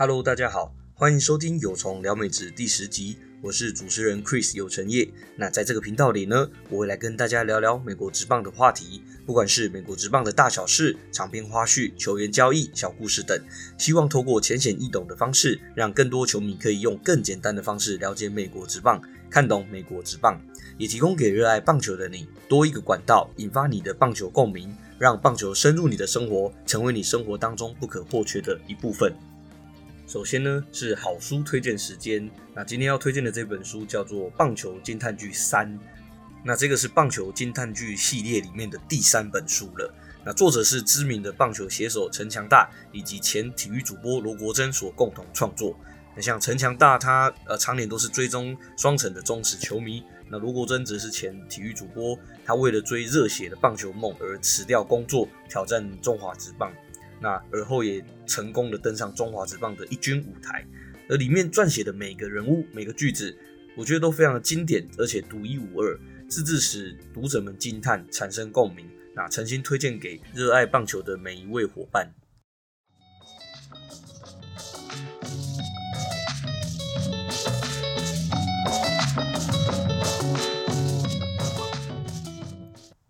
哈嘍大家好，歡迎收聽《有蟲聊美職》第十集，我是主持人 Chris 有成業。那在這個頻道裡呢，我會來跟大家聊聊美國職棒的話題，不管是美國職棒的大小事、長篇花絮、球員交易、小故事等，希望透過淺顯易懂的方式，讓更多球迷可以用更簡單的方式了解美國職棒，看懂美國職棒，也提供給熱愛棒球的你多一個管道，引發你的棒球共鳴，讓棒球深入你的生活，成為你生活當中不可或缺的一部分。首先呢，是好書推薦時間。那今天要推薦的這本書叫做《棒球驚嘆句三》，那這個是棒球驚嘆句系列裡面的第三本書了。那作者是知名的棒球寫手陳強大以及前體育主播羅國珍所共同創作。那像陳強大他，他呃常年都是追蹤雙城的忠實球迷。那羅國珍則是前體育主播，他為了追熱血的棒球夢而辭掉工作，挑戰中華職棒。那而後也成功的登上中華職棒的一軍舞台，而裡面撰寫的每個人物、每個句子，我覺得都非常的經典，而且獨一無二，甚至使讀者們驚嘆產生共鳴。那誠心推薦給熱愛棒球的每一位夥伴。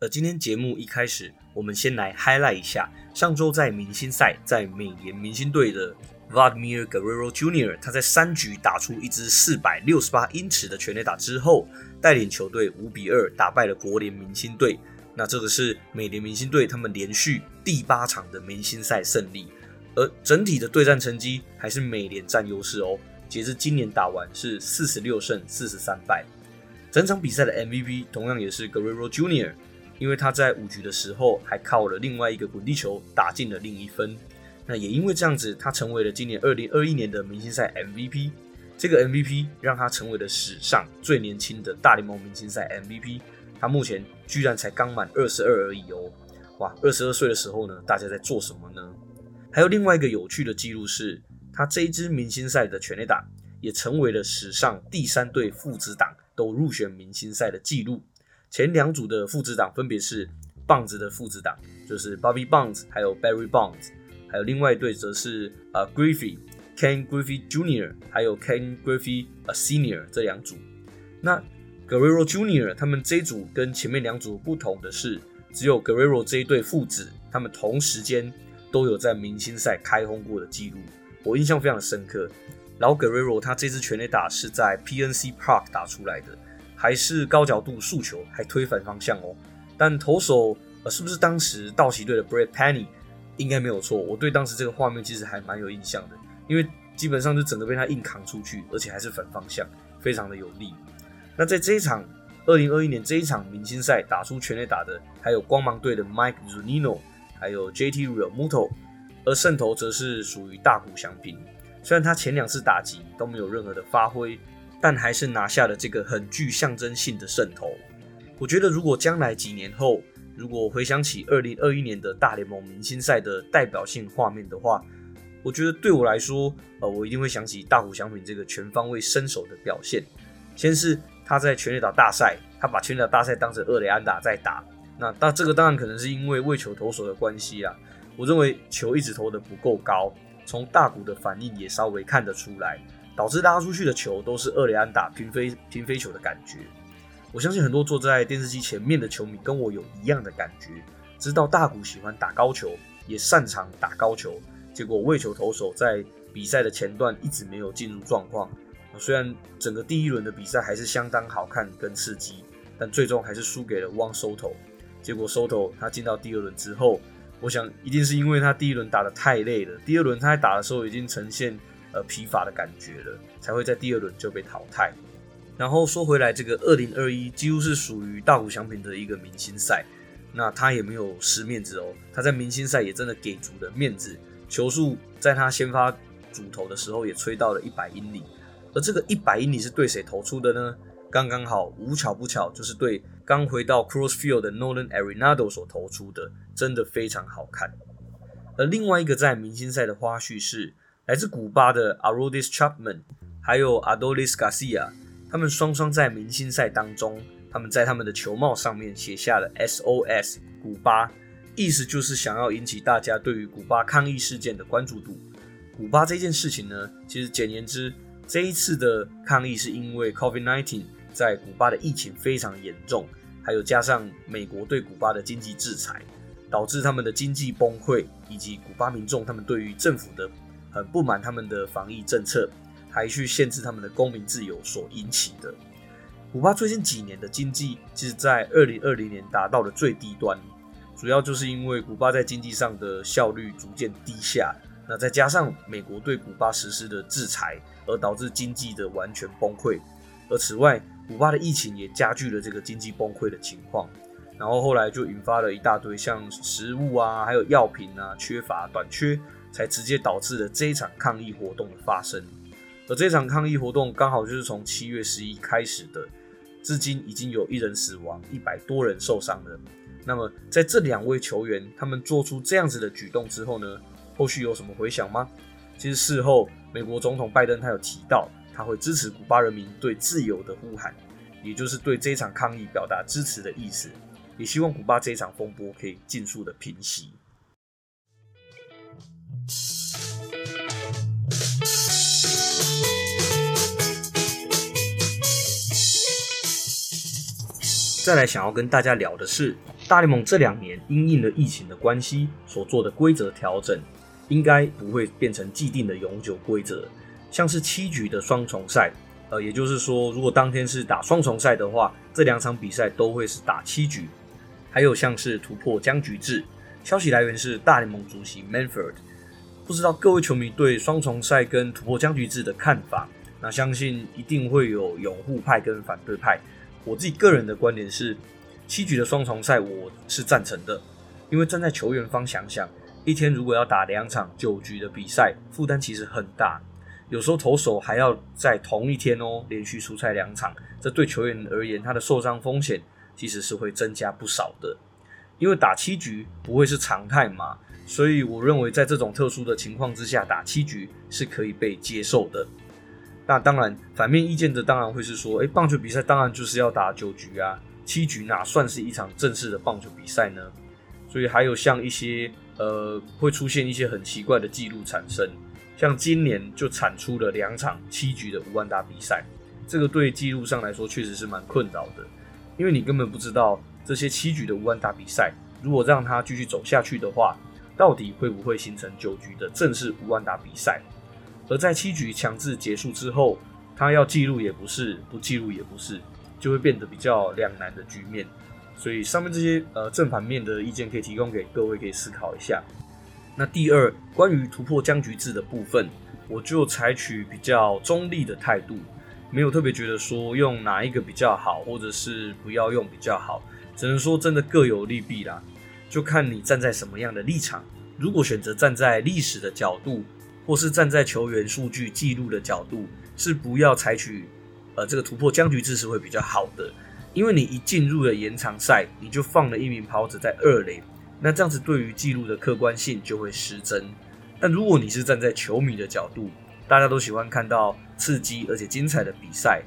而今天節目一開始，我們先來 highlight 一下，上周在明星賽，在美聯明星隊的 Vladimir Guerrero Jr.，他在三局打出一支四百六十八英尺的全壘打之後，帶領球隊五比二打敗了國聯明星隊。那這個是美聯明星隊他們連續第八場的明星賽勝利，而整體的對戰成績還是美聯佔優勢哦。截至今年打完是四十六勝四十三敗，整場比賽的 MVP 同樣也是 Guerrero Jr. 因為他在五局的時候還靠了另外一個滾地球打進了另一分，那也因為這樣子，他成為了今年二零二一年的明星賽 MVP。這個 MVP 讓他成為了史上最年輕的大聯盟明星賽 MVP。他目前居然才剛滿二十二而已哦。哇，二十二歲的時候呢，大家在做什麼呢？還有另外一個有趣的記錄是，他這一支明星賽的全壘打也成為了史上第三對父子檔都入選明星賽的記錄。前兩組的父子檔分別是棒子的父子檔，就是 Bobby Bonds，還有 Barry Bonds，還有另外一對則是呃、uh, Griffey，Ken Griffey Jr.，還有 Ken Griffey、uh, Sr. 這兩組。那 Guerrero Jr. 他們這一組跟前面兩組不同的是，只有 Guerrero 這一對父子，他們同時間都有在明星賽開轟過的記錄，我印象非常的深刻。然後 Guerrero 他這支全壘打是在 PNC Park 打出來的。還是高角度速球，還推反方向哦。但投手呃、啊，是不是當時道奇隊的 Brad Penny？應該沒有錯。我對當時這個畫面其實還蠻有印象的，因為基本上就整個被他硬扛出去，而且還是反方向，非常的有力。那在這一場2021年這一場明星賽打出全壘打的，還有光芒隊的 Mike Zunino，還有 JT Realmuto，而勝投則是屬於大谷翔平。雖然他前兩次打擊都沒有任何的發揮。但還是拿下了這個很具象徵性的勝投。我覺得，如果將來幾年後，如果回想起二零二一年的大聯盟明星賽的代表性畫面的話，我覺得對我來說，呃，我一定會想起大谷翔平這個全方位身手的表現。先是他在全壘打大賽，他把全壘打大賽當成二壘安打在打。那這個當然可能是因為為球投手的關係啊。我認為球一直投得不夠高，從大谷的反應也稍微看得出來。導致拉出去的球都是二壘安打平飛平飛球的感覺。我相信很多坐在電視機前面的球迷跟我有一樣的感覺。知道大谷喜歡打高球，也擅長打高球。結果餵球投手在比賽的前段一直沒有進入狀況。雖然整個第一輪的比賽還是相當好看跟刺激，但最終還是輸給了汪 Soto。結果 Soto 他進到第二輪之後，我想一定是因為他第一輪打得太累了。第二輪他在打的時候已經呈現。呃，疲乏的感覺了，才會在第二輪就被淘汰。然後說回來，這個二零二一幾乎是屬於大谷翔平的一個明星賽，那他也沒有失面子哦，他在明星賽也真的給足了面子，球速在他先發主投的時候也吹到了一百英里。而這個一百英里是對誰投出的呢？剛剛好，無巧不巧，就是對剛回到 Coors Field 的 Nolan Arenado 所投出的，真的非常好看。而另外一個在明星賽的花絮是。來自古巴的 Aroldis Chapman，還有 Adolis Garcia，他們雙雙在明星賽當中，他們在他們的球帽上面寫下了 SOS 古巴，意思就是想要引起大家對於古巴抗議事件的關注度。古巴這件事情呢，其實簡言之，這一次的抗議是因為 COVID-19 在古巴的疫情非常嚴重，還有加上美國對古巴的經濟制裁，導致他們的經濟崩潰，以及古巴民眾他們對於政府的。很不滿他們的防疫政策，還去限制他們的公民自由所引起的。古巴最近幾年的經濟，其實，在2020年達到了最低端，主要就是因為古巴在經濟上的效率逐漸低下，那再加上美國對古巴實施的制裁，而導致經濟的完全崩潰。而此外，古巴的疫情也加劇了這個經濟崩潰的情況，然後後來就引發了一大堆像食物啊，還有藥品啊，缺乏短缺，才直接導致了這一場抗議活動的發生，而這場抗議活動剛好就是從七月十一開始的，至今已經有一人死亡，一百多人受傷了。那麼在這兩位球員他們做出這樣子的舉動之後呢，後續有什麼回響嗎？其實事後美國總統拜登他有提到，他會支持古巴人民對自由的呼喊，也就是對這一場抗議表達支持的意思，也希望古巴這一場風波可以盡速的平息。再來想要跟大家聊的是，大聯盟這兩年因應了疫情的關係所做的規則調整，應該不會變成既定的永久規則。像是七局的雙重賽，呃，也就是說，如果當天是打雙重賽的話，這兩場比賽都會是打七局。還有像是突破僵局制，消息來源是大聯盟主席 Manfred。不知道各位球迷對雙重賽跟突破僵局制的看法，那相信一定會有擁護派跟反對派。我自己個人的觀點是，七局的雙重賽我是贊成的，因為站在球員方想想，一天如果要打兩場九局的比賽，負擔其實很大。有時候投手還要在同一天哦，連續出賽兩場，這對球員而言，他的受傷風險其實是會增加不少的。因為打七局不會是常態嘛。所以我認為，在這種特殊的情況之下，打七局是可以被接受的。那當然，反面意見的當然會是說：誒、欸，棒球比賽當然就是要打九局啊，七局哪算是一場正式的棒球比賽呢？所以還有像一些呃，會出現一些很奇怪的記錄產生，像今年就產出了兩場七局的無安打比賽，這個對記錄上來說確實是蠻困擾的，因為你根本不知道這些七局的無安打比賽，如果讓它繼續走下去的話。到底會不會形成九局的正式無安打比賽？而在七局強制結束之後，他要記錄也不是，不記錄也不是，就會變得比較兩難的局面。所以上面這些呃正反面的意見可以提供給各位可以思考一下。那第二，關於突破僵局制的部分，我就採取比較中立的態度，沒有特別覺得說用哪一個比較好，或者是不要用比較好，只能說真的各有利弊啦。就看你站在什麼樣的立場。如果選擇站在歷史的角度，或是站在球員數據記錄的角度，是不要採取呃這個突破僵局制會比較好的。因為你一進入了延長賽，你就放了一名跑者在二壘，那這樣子對於記錄的客觀性就會失真。但如果你是站在球迷的角度，大家都喜歡看到刺激而且精彩的比賽。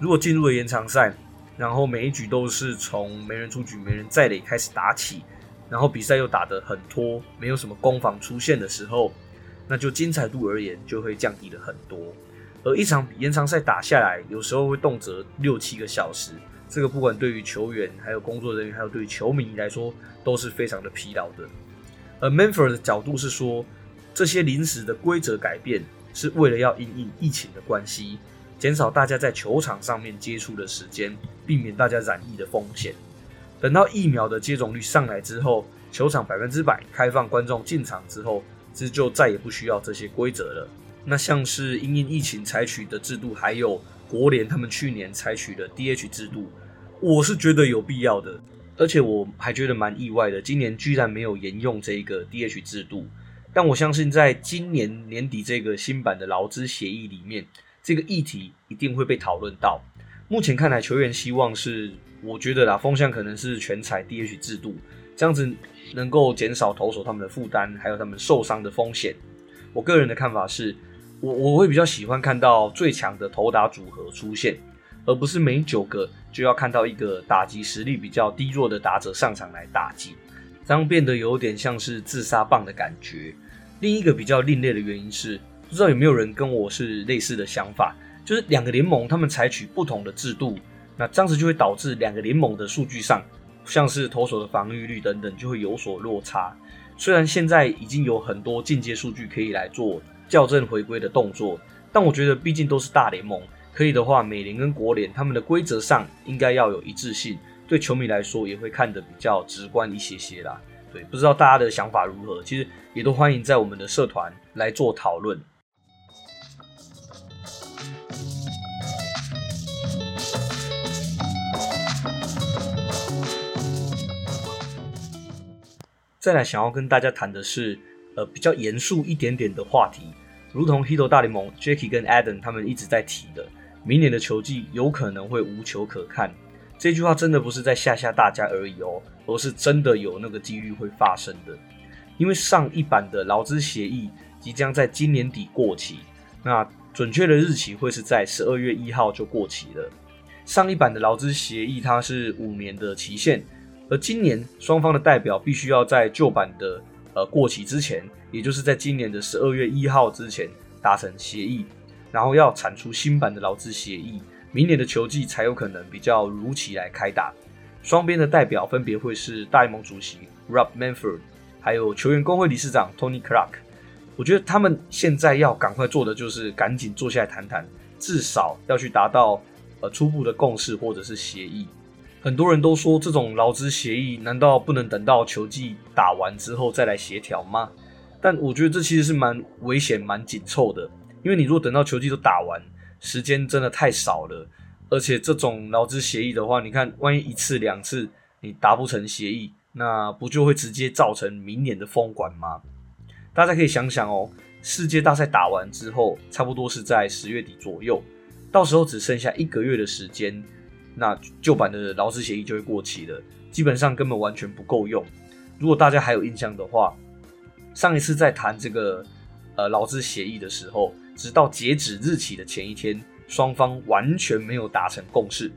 如果進入了延長賽，然後每一局都是從沒人出局、沒人在壘開始打起。然後比賽又打得很拖，沒有什麼攻防出現的時候，那就精彩度而言就會降低了很多。而一場比延長賽打下來，有時候會動輒六七個小時，這個不管對於球員、還有工作人員，還有對於球迷來說，都是非常的疲勞的。而 Manfred 的角度是說，這些臨時的規則改變是為了要因應疫情的關係，減少大家在球場上面接觸的時間，避免大家染疫的風險。等到疫苗的接種率上來之後，球場百分之百開放觀眾進場之後，其實就再也不需要這些規則了。那像是因應疫情採取的制度，還有國聯他們去年採取的 DH 制度，我是覺得有必要的。而且我還覺得蠻意外的，今年居然沒有沿用這個 DH 制度。但我相信，在今年年底這個新版的勞資協議裡面，這個議題一定會被討論到。目前看來，球員希望是。我覺得啦，風向可能是全採 DH 制度，這樣子能夠減少投手他們的負擔，還有他們受傷的風險。我個人的看法是，我我會比較喜歡看到最強的投打組合出現，而不是每九個就要看到一個打擊實力比較低弱的打者上場來打擊，這樣變得有點像是自殺棒的感覺。另一個比較另類的原因是，不知道有沒有人跟我是類似的想法，就是兩個聯盟他們採取不同的制度。那這樣子就會導致兩個聯盟的數據上，像是投手的防禦率等等就會有所落差。雖然現在已經有很多進階數據可以來做校正回歸的動作，但我覺得畢竟都是大聯盟，可以的話，美聯跟國聯他們的規則上應該要有一致性，對球迷來說也會看得比較直觀一些些啦。對，不知道大家的想法如何？其實也都歡迎在我們的社團來做討論。再來想要跟大家談的是，呃，比較嚴肅一點點的話題，如同 Hito 大聯盟 Jacky 跟 Adam 他們一直在提的，明年的球季有可能會無球可看。這句話真的不是在嚇嚇大家而已哦，而是真的有那個幾率會發生的。因為上一版的勞資協議即將在今年底過期，那準確的日期會是在十二月一號就過期了。上一版的勞資協議它是五年的期限。而今年，雙方的代表必須要在舊版的呃、過期之前，也就是在今年的十二月一號之前達成協議，然後要產出新版的勞資協議，明年的球季才有可能比較如期來開打。雙邊的代表分別會是大聯盟主席 Rob Manfred，還有球員工會理事長 Tony Clark。我覺得他們現在要趕快做的就是趕緊坐下來談談，至少要去達到呃、初步的共識或者是協議。很多人都說這種勞資協議難道不能等到球季打完之後再來協調嗎？但我覺得這其實是蠻危險、蠻緊湊的，因為你如果等到球季都打完，時間真的太少了。而且這種勞資協議的話，你看，萬一一次兩次你達不成協議，那不就會直接造成明年的封館嗎？大家可以想想哦，世界大賽打完之後，差不多是在十月底左右，到時候只剩下一個月的時間。那舊版的勞資協議就會過期了，基本上根本完全不夠用。如果大家還有印象的話，上一次在談這個呃勞資協議的時候，直到截止日期的前一天，雙方完全沒有達成共識。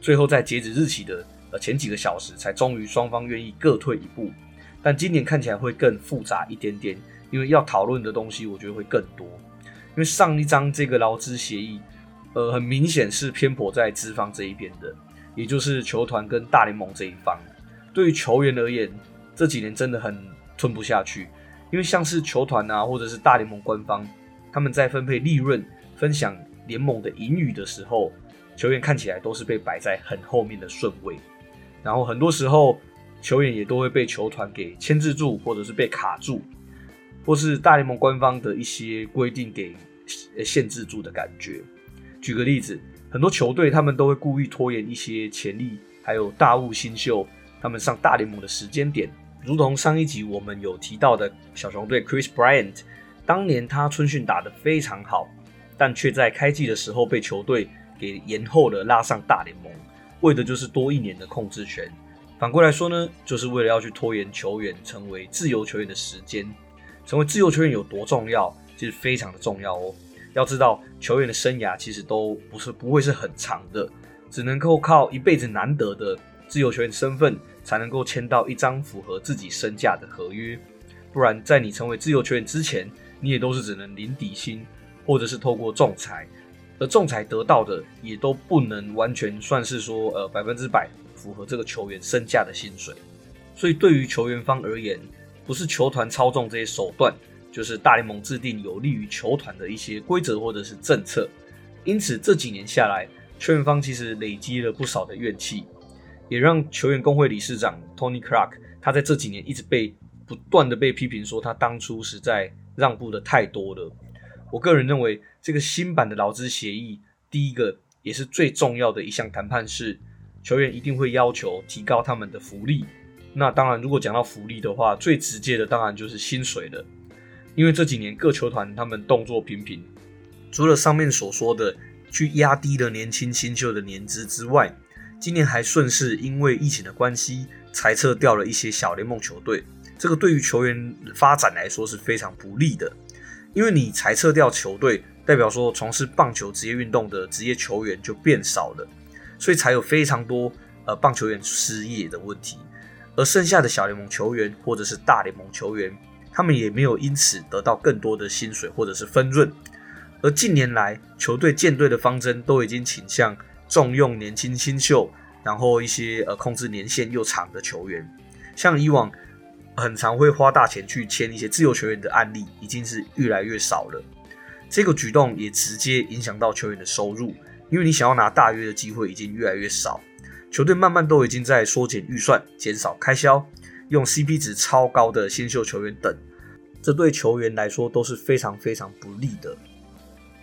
最後在截止日期的呃前幾個小時，才終於雙方願意各退一步。但今年看起來會更複雜一點點，因為要討論的東西我覺得會更多，因為上一張這個勞資協議。呃，很明顯是偏頗在資方這一邊的，也就是球團跟大聯盟這一方。對於球員而言，這幾年真的很吞不下去，因為像是球團啊，或者是大聯盟官方，他們在分配利潤、分享聯盟的盈餘的時候，球員看起來都是被擺在很後面的順位。然後很多時候，球員也都會被球團給牽制住，或者是被卡住，或是大聯盟官方的一些規定給限制住的感覺。舉個例子，很多球隊他們都會故意拖延一些潛力還有大物新秀他們上大聯盟的時間點。如同上一集我們有提到的小熊隊 Chris Bryant，當年他春訓打得非常好，但卻在開季的時候被球隊給延後了拉上大聯盟，為的就是多一年的控制權。反過來說呢，就是為了要去拖延球員成為自由球員的時間。成為自由球員有多重要？其實非常的重要哦。要知道，球員的生涯其實都不是不會是很長的，只能夠靠一輩子難得的自由球員身份，才能夠簽到一張符合自己身價的合約。不然，在你成為自由球員之前，你也都是只能領底薪，或者是透過仲裁，而仲裁得到的也都不能完全算是說呃百分之百符合這個球員身價的薪水。所以，對於球員方而言，不是球團操縱這些手段。就是大聯盟制定有利於球團的一些規則或者是政策，因此這幾年下來，球員方其實累積了不少的怨氣，也讓球員工會理事長 Tony Clark，他在這幾年一直被不斷的被批評說他當初實在讓步的太多了。我個人認為，這個新版的勞資協議，第一個也是最重要的一項談判是，球員一定會要求提高他們的福利。那當然，如果講到福利的話，最直接的當然就是薪水了。因為這幾年各球團他們動作頻頻，除了上面所說的去壓低了年輕新秀的年資之外，今年還順勢因為疫情的關係裁撤掉了一些小聯盟球隊。這個對於球員發展來說是非常不利的，因為你裁撤掉球隊，代表說從事棒球職業運動的職業球員就變少了，所以才有非常多呃棒球員失業的問題，而剩下的小聯盟球員或者是大聯盟球員。他們也沒有因此得到更多的薪水或者是分潤，而近年來球隊建隊的方針都已經傾向重用年輕新秀，然後一些呃控制年限又長的球員，像以往很常會花大錢去簽一些自由球員的案例，已經是越來越少了。這個舉動也直接影響到球員的收入，因為你想要拿大約的機會已經越來越少，球隊慢慢都已經在縮減預算，減少開銷。用 CP 值超高的新秀球員等，這對球員來說都是非常非常不利的。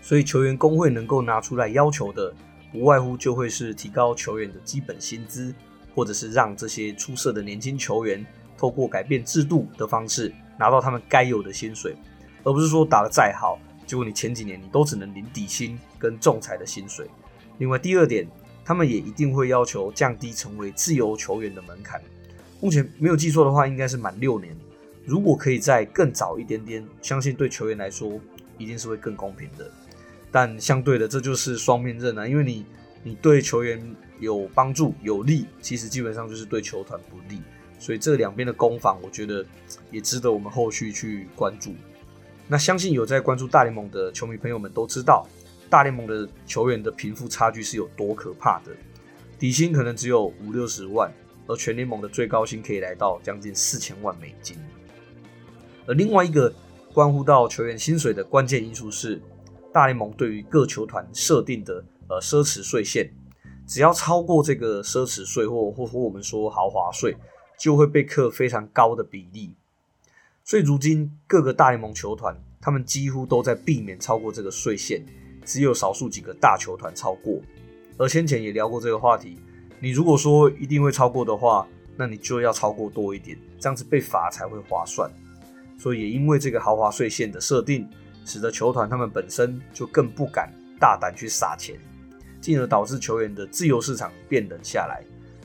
所以球員工會能夠拿出來要求的，無外乎就會是提高球員的基本薪資，或者是讓這些出色的年輕球員，透過改變制度的方式拿到他們該有的薪水，而不是說打得再好，結果你前幾年你都只能領底薪跟仲裁的薪水。另外第二點，他們也一定會要求降低成為自由球員的門檻。目前沒有記錯的話，應該是滿六年。如果可以再更早一點點，相信對球員來說一定是會更公平的。但相對的，這就是雙面刃啊，因為你你對球員有幫助有利，其實基本上就是對球團不利。所以這兩邊的攻防，我覺得也值得我們後續去關注。那相信有在關注大聯盟的球迷朋友們都知道，大聯盟的球員的貧富差距是有多可怕的，底薪可能只有五六十萬，而全聯盟的最高薪可以來到將近四千萬美金。而另外一個關乎到球員薪水的關鍵因素是，大聯盟對於各球團設定的呃奢侈稅線，只要超過這個奢侈稅或或或我們說豪華稅，就會被課非常高的比例。所以如今各個大聯盟球團，他們幾乎都在避免超過這個稅線，只有少數幾個大球團超過。而先前也聊過這個話題。你如果說一定會超過的話，那你就要超過多一點，這樣子被罰才會划算。所以也因為這個豪華稅線的設定，使得球團他們本身就更不敢大膽去撒錢，進而導致球員的自由市場變冷下來。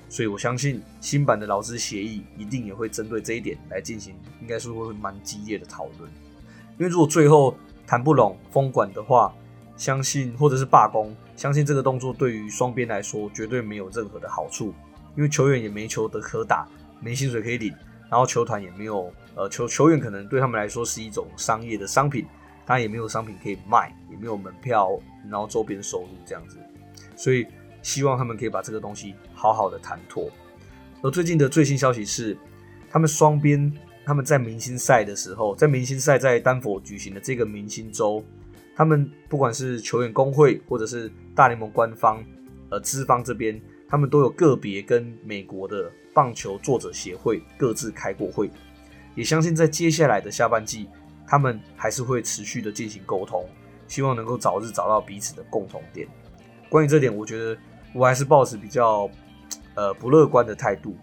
所以我相信新版的勞資協議一定也會針對這一點來進行，應該是會蠻激烈的討論。因為如果最後談不攏封館的話，相信或者是罷工。相信這個動作對於雙邊來說絕對沒有任何的好處，因為球員也沒球得可打，沒薪水可以領，然後球團也沒有，呃，球球員可能對他們來說是一種商業的商品，當然也沒有商品可以賣，也沒有門票，然後周邊收入這樣子，所以希望他們可以把這個東西好好的談妥。而最近的最新消息是，他們雙邊他們在明星賽的時候，在明星賽在丹佛舉行的這個明星週。他們不管是球員工會，或者是大聯盟官方，呃，資方這邊，他們都有個別跟美國的棒球作者協會各自開過會，也相信在接下來的下半季，他們還是會持續的進行溝通，希望能夠早日找到彼此的共同點。關於這點，我覺得我還是抱持比較，呃，不樂觀的態度，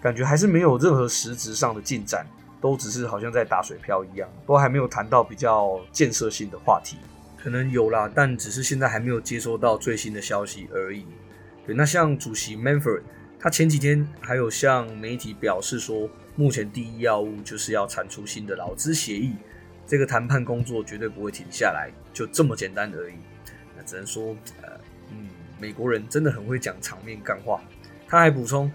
感覺還是沒有任何實質上的進展，都只是好像在打水漂一樣，都還沒有談到比較建設性的話題。可能有啦，但只是現在還沒有接收到最新的消息而已。對，那像主席 Manfred，他前幾天還有向媒體表示說，目前第一要務就是要產出新的勞資協議，這個談判工作絕對不會停下來，就這麼簡單而已。那只能說，呃，嗯，美國人真的很會講場面乾話。他還補充，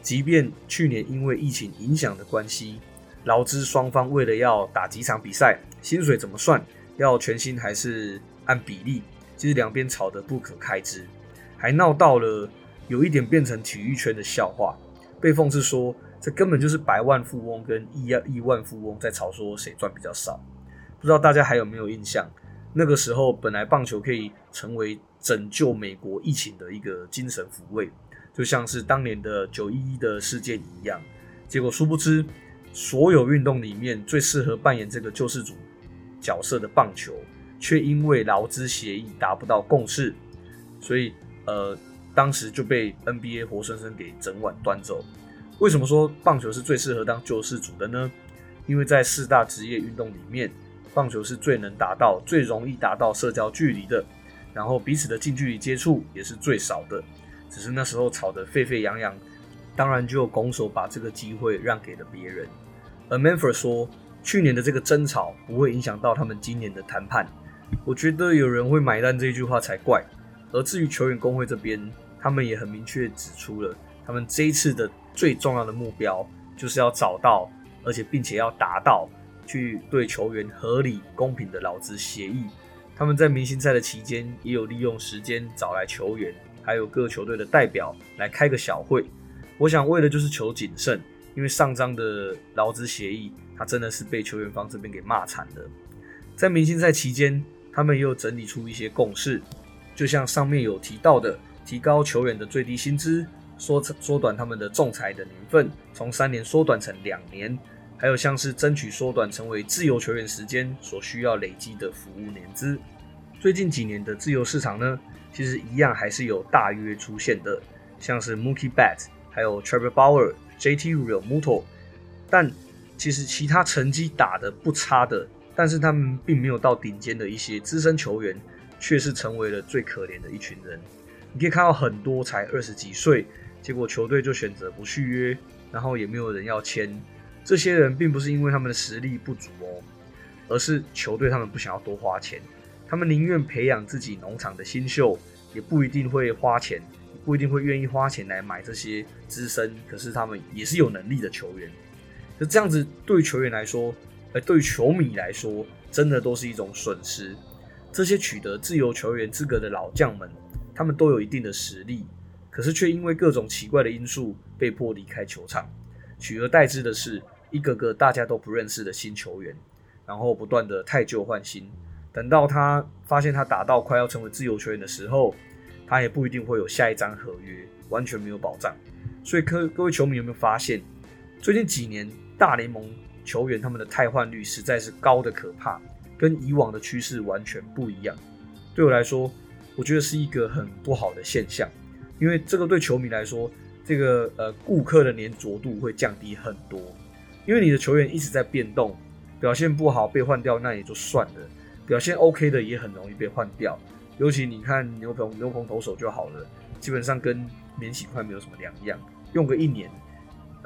即便去年因為疫情影響的關係，勞資雙方為了要打幾場比賽，薪水怎麼算？要全新還是按比例？其實兩邊吵得不可開交，還鬧到了有一點變成體育圈的笑話。被諷刺說，這根本就是百萬富翁跟億億萬富翁在吵，說誰賺比較少。不知道大家還有沒有印象？那個時候本來棒球可以成為拯救美國疫情的一個精神撫慰，就像是當年的九一一的事件一樣。結果殊不知，所有運動裡面最適合扮演這個救世主。角色的棒球卻因為勞資協議達不到共識，所以呃，當時就被 NBA 活生生給整碗端走。為什麼說棒球是最適合當救世主的呢？因為在四大職業運動裡面，棒球是最能達到、最容易達到社交距離的，然後彼此的近距離接觸也是最少的。只是那時候吵得沸沸揚揚，當然就拱手把這個機會讓給了別人。而 Manfred 說。去年的這個爭吵不會影響到他們今年的談判，我覺得有人會買單這句話才怪。而至於球員工會這邊，他們也很明確指出了，他們這一次的最重要的目標就是要找到，而且並且要達到去對球員合理公平的勞資協議。他們在明星賽的期間也有利用時間找來球員，還有各球隊的代表來開個小會。我想，為的就是求謹慎，因為上章的勞資協議。他真的是被球員方這邊給罵慘了。在明星賽期間，他們又整理出一些共識，就像上面有提到的，提高球員的最低薪資，縮縮短他們的仲裁的年份，從三年縮短成兩年，還有像是爭取縮短成為自由球員時間所需要累積的服務年資。最近幾年的自由市場呢，其實一樣還是有大約出現的，像是 Mookie b a t 還有 t r e v o r Bauer、J.T. Realmuto，但。其實其他成績打得不差的，但是他們並沒有到頂尖的一些資深球員，卻是成為了最可憐的一群人。你可以看到很多才二十幾歲，結果球隊就選擇不續約，然後也沒有人要簽。這些人並不是因為他們的實力不足哦，而是球隊他們不想要多花錢，他們寧願培養自己農場的新秀，也不一定會花錢，不一定會願意花錢來買這些資深，可是他們也是有能力的球員。就這樣子，對於球員來說，哎、欸，對於球迷來說，真的都是一種損失。這些取得自由球員資格的老將們，他們都有一定的實力，可是卻因為各種奇怪的因素，被迫離開球場。取而代之的是一個個大家都不認識的新球員，然後不斷的汰舊換新。等到他發現他打到快要成為自由球員的時候，他也不一定會有下一張合約，完全沒有保障。所以，各各位球迷有沒有發現，最近幾年，大聯盟球員他們的汰換率實在是高的可怕，跟以往的趨勢完全不一樣。對我來說，我覺得是一個很不好的現象，因為這個對球迷來說，這個呃顧客的黏着度會降低很多。因為你的球員一直在變動，表現不好被換掉那也就算了，表現 OK 的也很容易被換掉。尤其你看牛棚、牛棚投手就好了，基本上跟免洗筷沒有什麼兩樣，用個一年。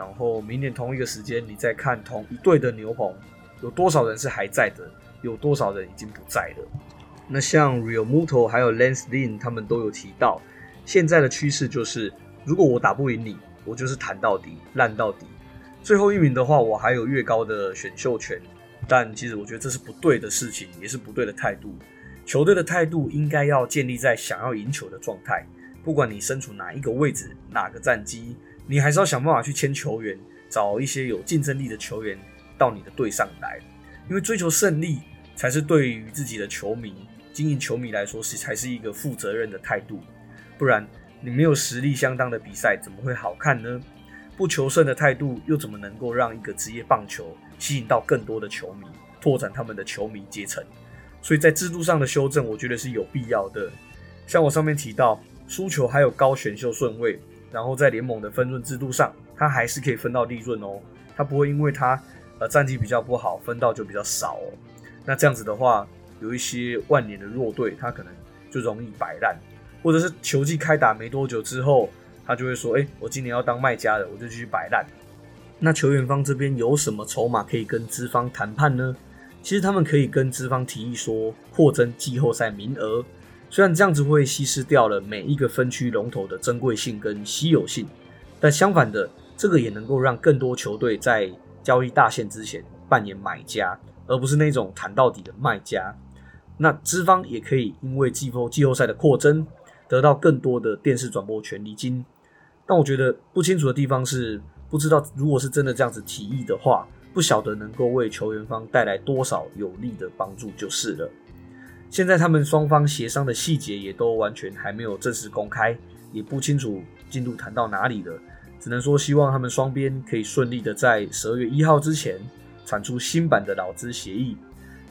然後明年同一個時間，你再看同一隊的牛棚，有多少人是還在的，有多少人已經不在了。那像 Realmuto 還有 Lance Lynn 他們都有提到，現在的趨勢就是，如果我打不贏你，我就是坦到底、爛到底。最後一名的話，我還有越高的選秀權。但其實我覺得這是不對的事情，也是不對的態度。球隊的態度應該要建立在想要贏球的狀態，不管你身處哪一個位置、哪個戰績，你還是要想辦法去簽球員，找一些有競爭力的球員到你的隊上來，因為追求勝利才是對於自己的球迷、經營球迷來說是才是一個負責任的態度，不然你沒有實力相當的比賽怎麼會好看呢？不求勝的態度又怎麼能夠讓一個職業棒球吸引到更多的球迷，拓展他們的球迷階層？所以在制度上的修正，我覺得是有必要的。像我上面提到，輸球還有高選秀順位。然後在聯盟的分潤制度上，他還是可以分到利潤哦。他不會因為他呃戰績比較不好，分到就比較少哦。那這樣子的話，有一些萬年的弱隊，他可能就容易擺爛，或者是球季開打沒多久之後，他就會說：哎，我今年要當賣家了，我就繼續擺爛。那球員方這邊有什麼籌碼可以跟資方談判呢？其實他們可以跟資方提議說，擴增季後賽名額。雖然這樣子會稀釋掉了每一個分區龍頭的珍貴性跟稀有性，但相反的，這個也能夠讓更多球隊在交易大限之前扮演買家，而不是那種坦到底的賣家。那資方也可以因為季後季後賽的擴增，得到更多的電視轉播權利金。但我覺得不清楚的地方是，不知道如果是真的這樣子提議的話，不曉得能夠為球員方帶來多少有利的幫助就是了。現在他們雙方協商的細節也都完全還沒有正式公開，也不清楚進度談到哪裡了。只能說希望他們雙邊可以順利的在十二月一號之前產出新版的勞資協議，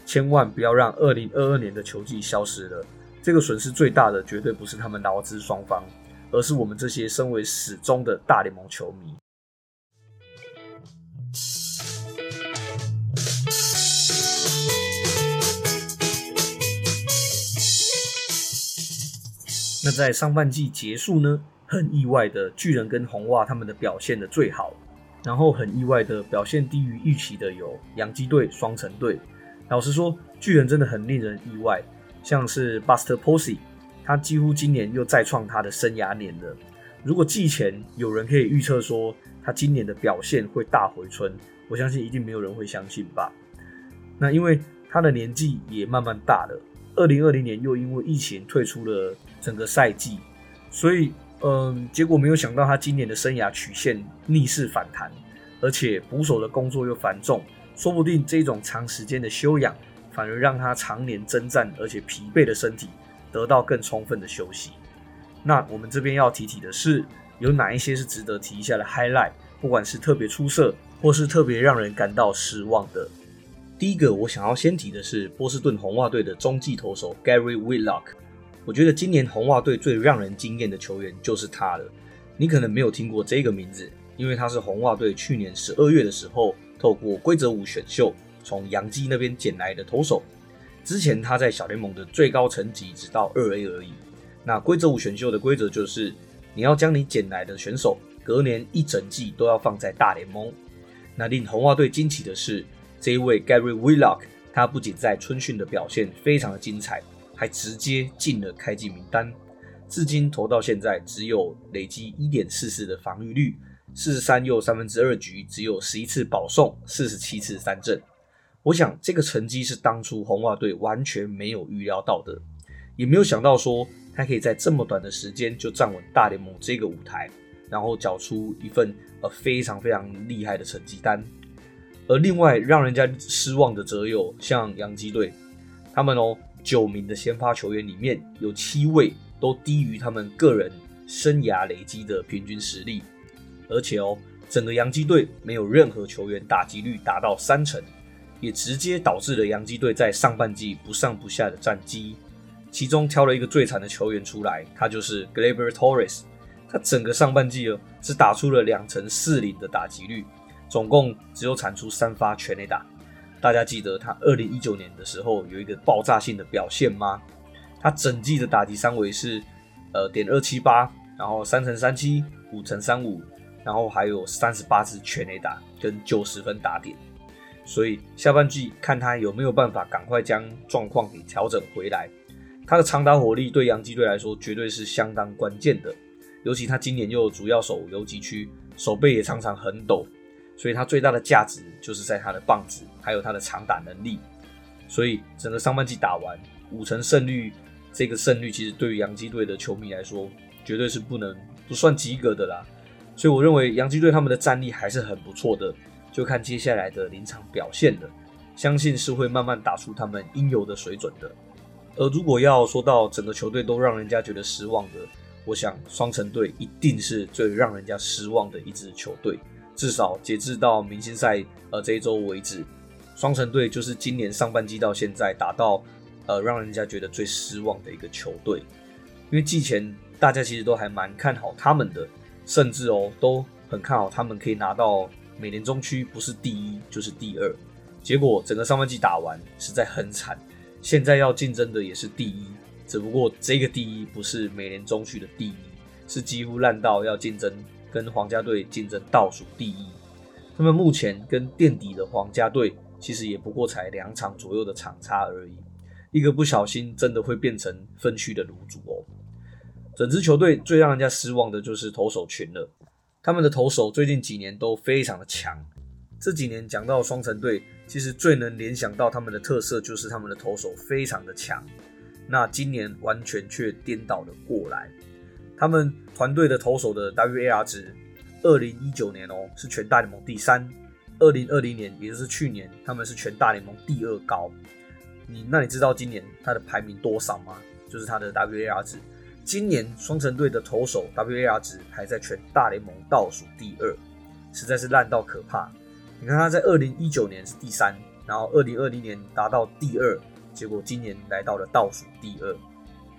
千萬不要讓二零二二年的球季消失了。這個損失最大的絕對不是他們勞資雙方，而是我們這些身為死忠的大聯盟球迷。在上半季結束呢，很意外的，巨人跟紅襪他們的表現的最好，然後很意外的表現低於預期的有洋基隊、雙城隊。老實說，巨人真的很令人意外，像是 Buster Posey，他幾乎今年又再創他的生涯年了。如果季前有人可以預測說他今年的表現會大回春，我相信一定沒有人會相信吧？那因為他的年紀也慢慢大了，二零二零年又因為疫情退出了。整個賽季，所以，嗯，結果沒有想到，他今年的生涯曲線逆勢反彈，而且捕手的工作又繁重，說不定這種長時間的休養，反而讓他常年征戰而且疲憊的身體得到更充分的休息。那我們這邊要提提的是，有哪一些是值得提一下的 highlight？不管是特別出色，或是特別讓人感到失望的。第一個我想要先提的是波士頓紅襪隊的中繼投手 Garrett Whitlock。我覺得今年紅襪隊最讓人驚豔的球員就是他了。你可能沒有聽過這個名字，因為他是紅襪隊去年十二月的時候透過規則五選秀從洋基那邊撿來的投手。之前他在小聯盟的最高層級只到二 A 而已。那規則五選秀的規則就是，你要將你撿來的選手隔年一整季都要放在大聯盟。那令紅襪隊驚奇的是，這一位 Garrett Whitlock 他不僅在春訓的表現非常的精彩。還直接進了開季名單，至今投到現在只有累積一點四四的防禦率，四十三又三分之二局只有十一次保送，四十七次三振。我想這個成績是當初紅襪隊完全沒有預料到的，也沒有想到說他可以在這麼短的時間就站穩大聯盟這個舞台，然後繳出一份呃非常非常厲害的成績單。而另外讓人家失望的則有像洋基隊他們哦、喔。九名的先發球員裡面有七位都低於他們個人生涯累積的平均實力，而且哦，整個洋基隊沒有任何球員打擊率達到三成，也直接導致了洋基隊在上半季不上不下的戰績。其中挑了一個最慘的球員出來，他就是 Gleyber Torres，他整個上半季哦只打出了兩成四零的打擊率，總共只有產出三發全壘打。大家記得他二零一九年的時候有一個爆炸性的表現嗎？他整季的打擊三圍是，呃，點二七八，然後三乘三七，五乘三五，然後還有三十八次全壘打跟九十分打點。所以下半季看他有沒有辦法趕快將狀況給調整回來，他的長打火力對洋基隊來說絕對是相當關鍵的，尤其他今年又有主要守游擊區，守備也常常很抖。所以他最大的價值就是在他的棒子，還有他的長打能力。所以整個上半季打完五成勝率，這個勝率其實對於洋基隊的球迷來說，絕對是不能不算及格的啦。所以我認為洋基隊他們的戰力還是很不錯的，就看接下來的臨場表現了。相信是會慢慢打出他們應有的水準的。而如果要說到整個球隊都讓人家覺得失望的，我想雙城隊一定是最讓人家失望的一支球隊。至少截至到明星賽呃這一周為止，雙城隊就是今年上半季到現在打到呃讓人家覺得最失望的一個球隊。因為季前大家其實都還蠻看好他們的，甚至哦都很看好他們可以拿到美聯中區不是第一就是第二。結果整個上半季打完實在很慘，現在要競爭的也是第一，只不過這個第一不是美聯中區的第一，是幾乎爛到要競爭。跟皇家隊競爭倒數第一，他們目前跟墊底的皇家隊其實也不過才兩場左右的場差而已，一個不小心真的會變成分區的爐主哦。整支球隊最讓人家失望的就是投手群了，他們的投手最近幾年都非常的強，這幾年講到雙城隊，其實最能聯想到他們的特色就是他們的投手非常的強，那今年完全卻顛倒了過來。他們團隊的投手的 WAR 值，二零一九年哦，是全大聯盟第三，二零二零年也就是去年他們是全大聯盟第二高。你那你知道今年他的排名多少嗎？就是他的 WAR 值，今年雙城隊的投手 WAR 值排在全大聯盟倒數第二，實在是爛到可怕。你看他在二零一九年是第三，然後二零二零年達到第二，結果今年來到了倒數第二。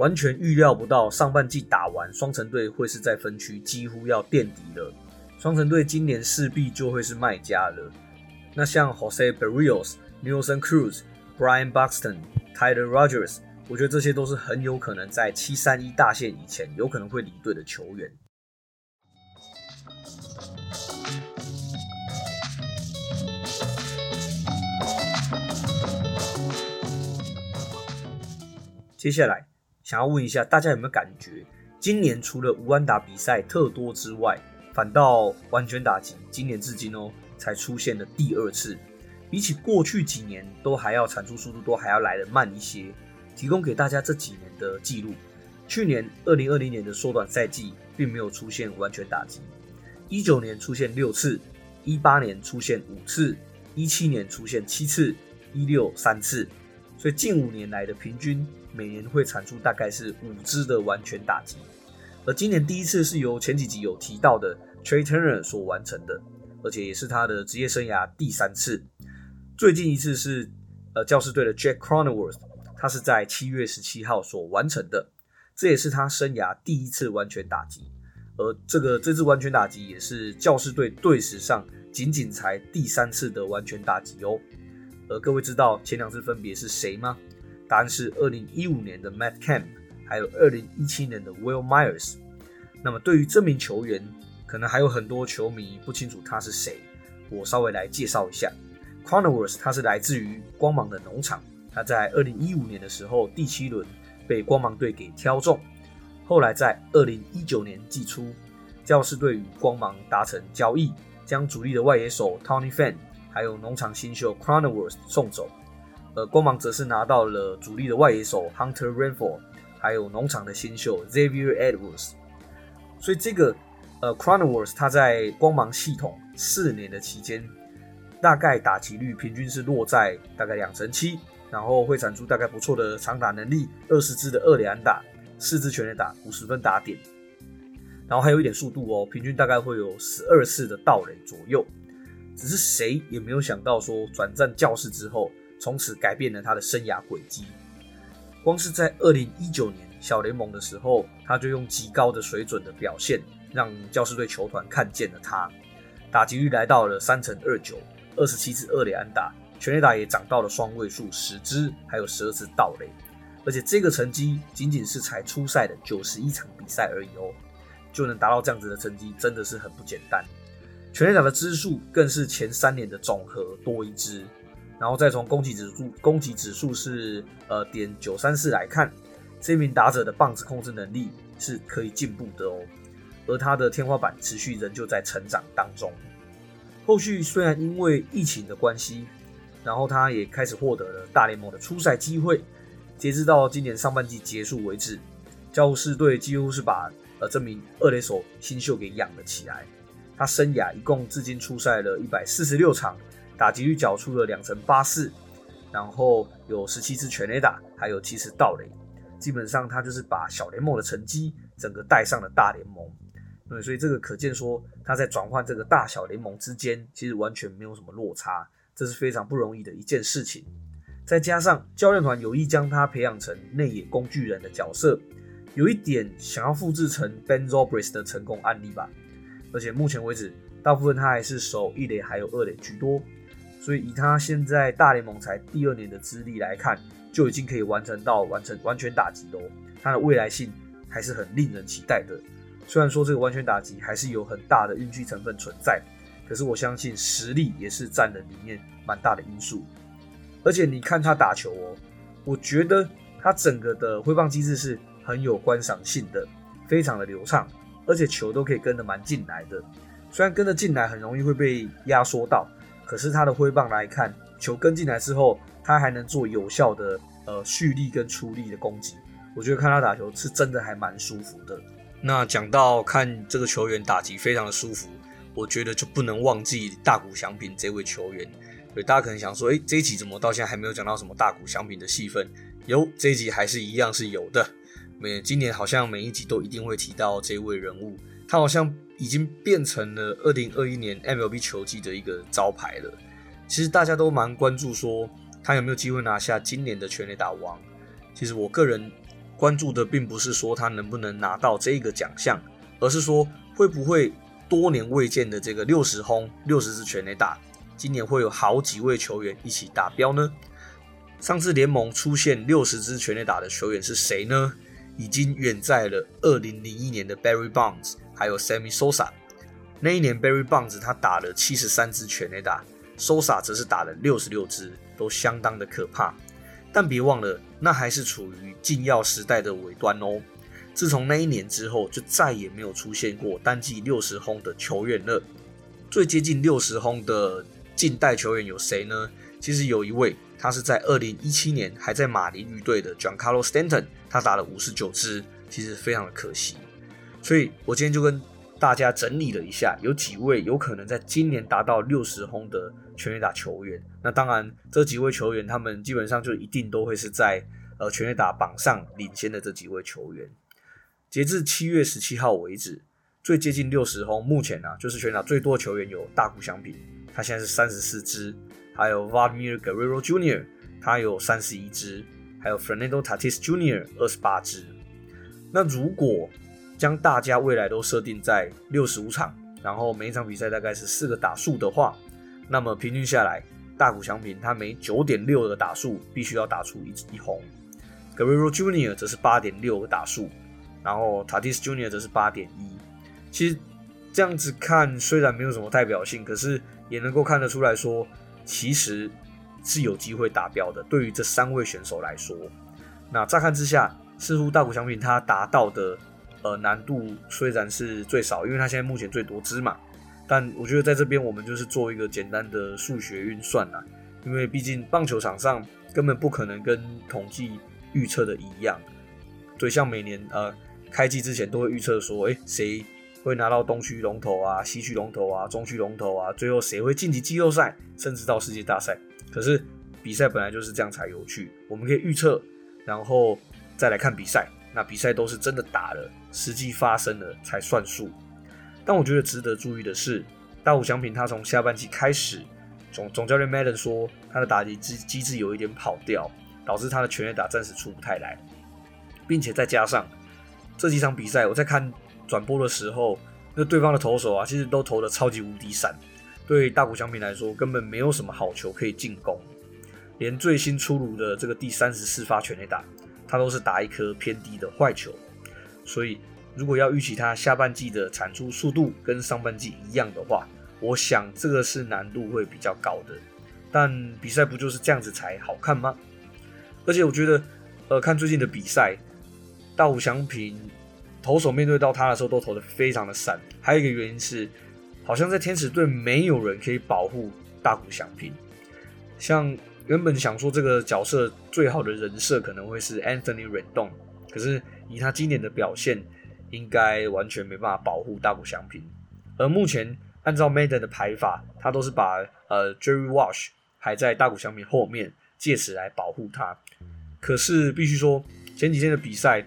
完全預料不到，上半季打完，雙城隊會是在分區幾乎要墊底了。雙城隊今年勢必就會是賣家了。那像 Jose Berrios、Nelson Cruz、Brian Buxton、Tyler Rogers，我覺得這些都是很有可能在七三一大限以前有可能會離隊的球員。接下來。想要問一下大家有沒有感覺，今年除了無安打比賽特多之外，反倒完全打擊今年至今哦、喔，才出現了第二次，比起過去幾年都還要產出速度都還要來得慢一些。提供給大家這幾年的記錄，去年二零二零年的縮短賽季並沒有出現完全打擊，一九年出現六次，一八年出現五次，一七年出現七次，一六三次。所以近五年來的平均每年會產出大概是五支的完全打擊，而今年第一次是由前幾集有提到的 Trey Turner 所完成的，而且也是他的職業生涯第三次。最近一次是呃，教士隊的 Jake Cronenworth，他是在七月十七號所完成的，這也是他生涯第一次完全打擊，而這個這次完全打擊也是教士隊隊史上僅僅才第三次的完全打擊哦。而各位知道前兩次分別是誰嗎？答案是二零一五年的 Matt a m p 還有二零一七年的 Will Myers。那麼對於這名球員，可能還有很多球迷不清楚他是誰。我稍微來介紹一下，Conover 他是來自於光芒的農場，他在二零一五年的時候第七輪被光芒隊給挑中，後來在二零一九年季初，教士隊與光芒達成交易，將主力的外野手 Tony f a n 還有農場新秀 Cronenworth 送走，呃，光芒則是拿到了主力的外野手 Hunter Renfroe，還有農場的新秀 Xavier Edwards。所以這個呃 Cronenworth 他在光芒系統四年的期間，大概打擊率平均是落在大概兩成七，然後會產出大概不錯的長打能力，二十支的二壘安打，四支全壘打，五十分打點，然後還有一點速度哦，平均大概會有十二次的盜壘左右。只是誰也沒有想到，說轉戰教士之後，從此改變了他的生涯軌跡。光是在二零一九年小聯盟的時候，他就用極高的水準的表現，讓教士隊球團看見了他。打擊率來到了三成二九，二十七次二壘安打，全壘打也漲到了雙位數十支，還有十二次盜壘。而且這個成績僅僅是才出賽的九十一場比賽而已哦，就能達到這樣子的成績，真的是很不簡單。全壘打的支數更是前三年的總和多一支，然後再從攻擊指數，攻擊指數是呃點九三四來看，這名打者的棒子控制能力是可以進步的哦，而他的天花板持續仍舊在成長當中。後續雖然因為疫情的關係，然後他也開始獲得了大聯盟的出賽機會，截至到今年上半季結束為止，教士隊幾乎是把呃這名二壘手新秀給養了起來。他生涯一共至今出賽了146場，打擊率繳出了兩成八四，然後有十七次全壘打，還有七次盜壘。基本上他就是把小聯盟的成績整個帶上了大聯盟。對，所以這個可見說他在轉換這個大小聯盟之間，其實完全沒有什麼落差，這是非常不容易的一件事情。再加上教練團有意將他培養成內野工具人的角色，有一點想要複製成 Ben Zobrist 的成功案例吧。而且目前為止，大部分他還是守一壘還有二壘居多，所以以他現在大聯盟才第二年的資歷來看，就已經可以完成到完成完全打擊的哦。他的未來性還是很令人期待的。雖然說這個完全打擊還是有很大的運氣成分存在，可是我相信實力也是佔了裡面蠻大的因素。而且你看他打球哦，我覺得他整個的揮棒機制是很有觀賞性的，非常的流暢。而且球都可以跟的蠻進來的，雖然跟着進來很容易會被壓縮到，可是他的揮棒來看，球跟進來之後，他還能做有效的呃蓄力跟出力的攻擊，我覺得看他打球是真的還蠻舒服的。那講到看這個球員打擊非常的舒服，我覺得就不能忘記大谷翔平這位球員。所以大家可能想說，誒、欸，這一集怎麼到現在還沒有講到什麼大谷翔平的戲份？有，這一集還是一樣是有的。每今年好像每一集都一定會提到這位人物，他好像已經變成了二零二一年 MLB 球季的一個招牌了。其實大家都蠻關注說他有沒有機會拿下今年的全壘打王。其實我個人關注的並不是說他能不能拿到這一個獎項，而是說會不會多年未見的這個六十轟、六十支全壘打，今年會有好幾位球員一起達標呢？上次聯盟出現六十支全壘打的球員是誰呢？已經遠在了二零零一年的 Barry Bonds，還有 Sammy Sosa。那一年 Barry Bonds 他打了七十三支全壘打，Sosa 則是打了六十六支，都相當的可怕。但別忘了，那還是處於禁藥時代的尾端哦。自從那一年之後，就再也沒有出現過單季六十轟的球員了。最接近六十轟的近代球員有誰呢？其實有一位，他是在二零一七年還在馬林魚隊的 Giancarlo Stanton。他打了五十九支，其實非常的可惜。所以我今天就跟大家整理了一下，有幾位有可能在今年達到六十轟的全壘打球員。那當然，這幾位球員他們基本上就一定都會是在呃全壘打榜上領先的這幾位球員。截至七月十七號為止，最接近六十轟，目前呢、啊、就是全壘打最多的球員有大谷翔平，他現在是三十四支，還有 Vladimir Guerrero Jr.，他有三十一支。還有 Fernando Tatis Jr. 二十八支。那如果將大家未來都設定在六十五場，然後每一場比賽大概是四個打數的話，那麼平均下來，大谷翔平他每九點六的打數必須要打出一一紅，Guerrero Jr. 則是八點六個打數，然後 Tatis Jr. 則是八點一。其實這樣子看雖然沒有什麼代表性，可是也能夠看得出來說，其實。是有機會達標的，對於這三位選手來說，那乍看之下，似乎大谷翔平他達到的呃難度雖然是最少，因為他現在目前最多支嘛。但我覺得在這邊我們就是做一個簡單的數學運算啦、啊，因為畢竟棒球場上根本不可能跟統計預測的一樣。所以像每年呃開季之前都會預測說，誒、欸，誰會拿到東區龍頭啊，西區龍頭啊，中區龍頭啊，最後誰會晉級季後賽，甚至到世界大賽。可是比賽本來就是這樣才有趣，我們可以預測，然後再來看比賽。那比賽都是真的打了，實際發生了才算數。但我覺得值得注意的是，大谷翔平他從下半季開始，總總教練 Madden 說他的打擊機機制有一點跑掉，導致他的全壘打暫時出不太來，並且再加上這幾場比賽，我在看轉播的時候，那對方的投手啊，其實都投的超級無敵閃。對大谷翔平來說，根本沒有什麼好球可以進攻，連最新出爐的這個第三十四發全壘打，他都是打一顆偏低的壞球。所以，如果要預期他下半季的產出速度跟上半季一樣的話，我想這個是難度會比較高的。但比賽不就是這樣子才好看嗎？而且我覺得，呃，看最近的比賽，大谷翔平投手面對到他的時候都投得非常的散。還有一個原因是。好像在天使隊沒有人可以保護大谷翔平，像原本想說這個角色最好的人設可能會是 Anthony Rendon，可是以他今年的表現，應該完全沒辦法保護大谷翔平。而目前按照 Maddon 的排法，他都是把呃 Jared Walsh 排在大谷翔平後面，借此來保護他。可是必須說前幾天的比賽，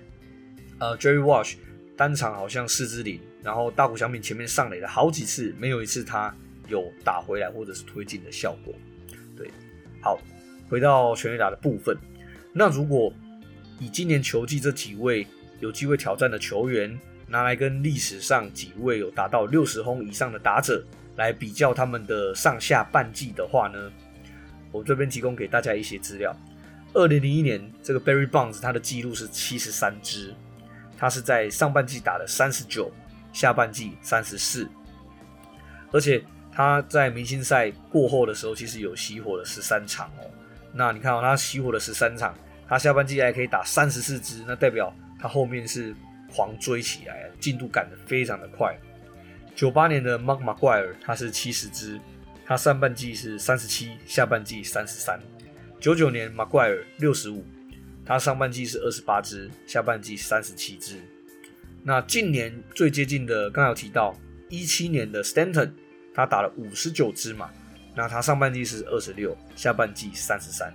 呃 Jared Walsh 單場好像四支零。然後大谷翔平前面上壘了好幾次，沒有一次他有打回來或者是推進的效果。對，好，回到全壘打的部分。那如果以今年球季這幾位有機會挑戰的球員，拿來跟歷史上幾位有達到六十轟以上的打者來比較他們的上下半季的話呢？我這邊提供給大家一些資料。二零零一年這個 Barry Bonds 他的紀錄是七十三支，他是在上半季打了三十九。下半季三十四，而且他在明星賽過後的時候，其實有熄火了十三場哦。那你看哦，他熄火了十三場，他下半季還可以打三十四支，那代表他後面是狂追起來，進度趕得非常的快。九八年的 m 馬克·馬怪爾他是七十支，他上半季是三十七，下半季三十三。九九年馬怪爾六十五，他上半季是二十八支，下半季三十七支。那近年最接近的，剛剛有提到一七年的 Stanton，他打了五十九支嘛，那他上半季是二十六，下半季三十三，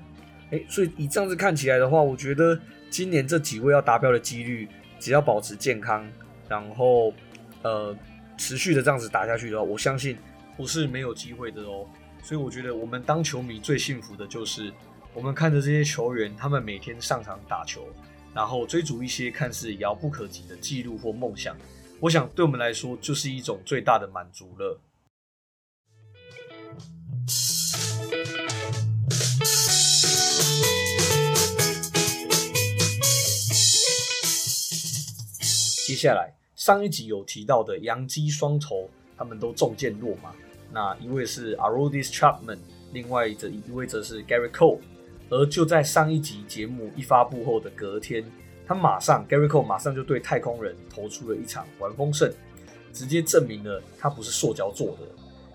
誒，所以以這樣子看起來的話，我覺得今年這幾位要達標的幾率，只要保持健康，然後呃持續的這樣子打下去的話，我相信不是沒有機會的哦。所以我覺得我們當球迷最幸福的就是，我們看着這些球員他們每天上場打球。然後追逐一些看似遙不可及的記錄或夢想，我想對我們來說就是一種最大的滿足了。接下來，上一集有提到的洋基雙頭，他們都中箭落馬。那一位是 Aroldis Chapman，另外一位則是 Gerrit Cole。而就在上一集節目一發布後的隔天，他馬上，Gerrit Cole 馬上就對太空人投出了一場完封勝，直接證明了他不是塑膠做的。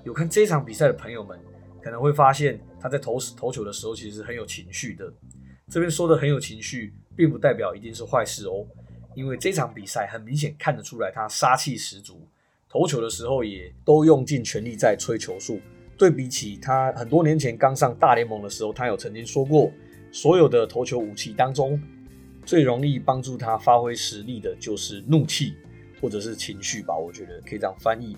有看這場比賽的朋友們，可能會發現他在投投球的時候其實是很有情緒的。這邊說的很有情緒，並不代表一定是壞事哦，因為這場比賽很明顯看得出來他殺氣十足，投球的時候也都用盡全力在催球速。對比起他很多年前剛上大聯盟的時候，他有曾經說過，所有的投球武器當中，最容易幫助他發揮實力的就是怒氣或者是情緒吧，我覺得可以這樣翻譯。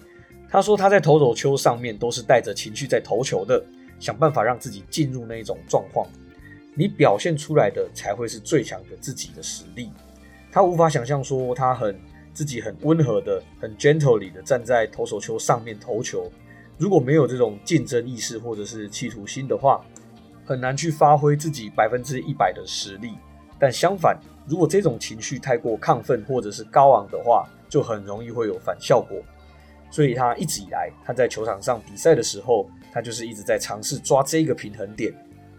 他說他在投手丘上面都是帶着情緒在投球的，想辦法讓自己進入那一種狀況，你表現出來的才會是最強的自己的實力。他無法想象說他很自己很溫和的、很 gently 的站在投手丘上面投球。如果沒有這種競爭意識或者是企圖心的話，很難去發揮自己百分之一百的實力。但相反，如果這種情緒太過亢奮或者是高昂的話，就很容易會有反效果。所以他一直以來，他在球場上比賽的時候，他就是一直在嘗試抓這個平衡點。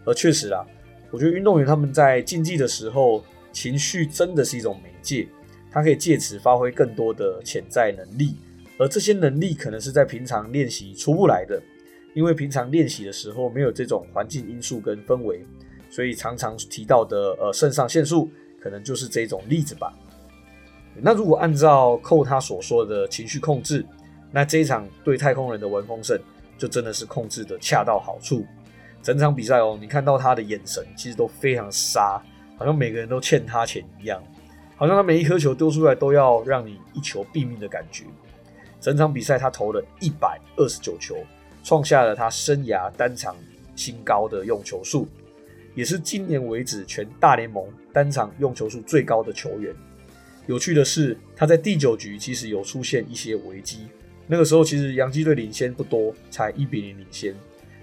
而確實啊，我覺得運動員他們在競技的時候，情緒真的是一種媒介，他可以借此發揮更多的潛在能力。而這些能力可能是在平常練習出不來的，因為平常練習的時候沒有這種環境因素跟氛圍，所以常常提到的呃腎上腺素，可能就是這種例子吧。那如果按照 Cole 他所說的情緒控制，那這一場對太空人的完封勝就真的是控制的恰到好處。整場比賽哦，你看到他的眼神其實都非常殺，好像每個人都欠他錢一樣，好像他每一顆球丟出來都要讓你一球斃命的感覺。整場比賽，他投了129球，創下了他生涯單場新高的用球數，也是今年為止全大聯盟單場用球數最高的球員。有趣的是，他在第九局其實有出現一些危機，那個時候其實洋基隊領先不多，才一比零領先。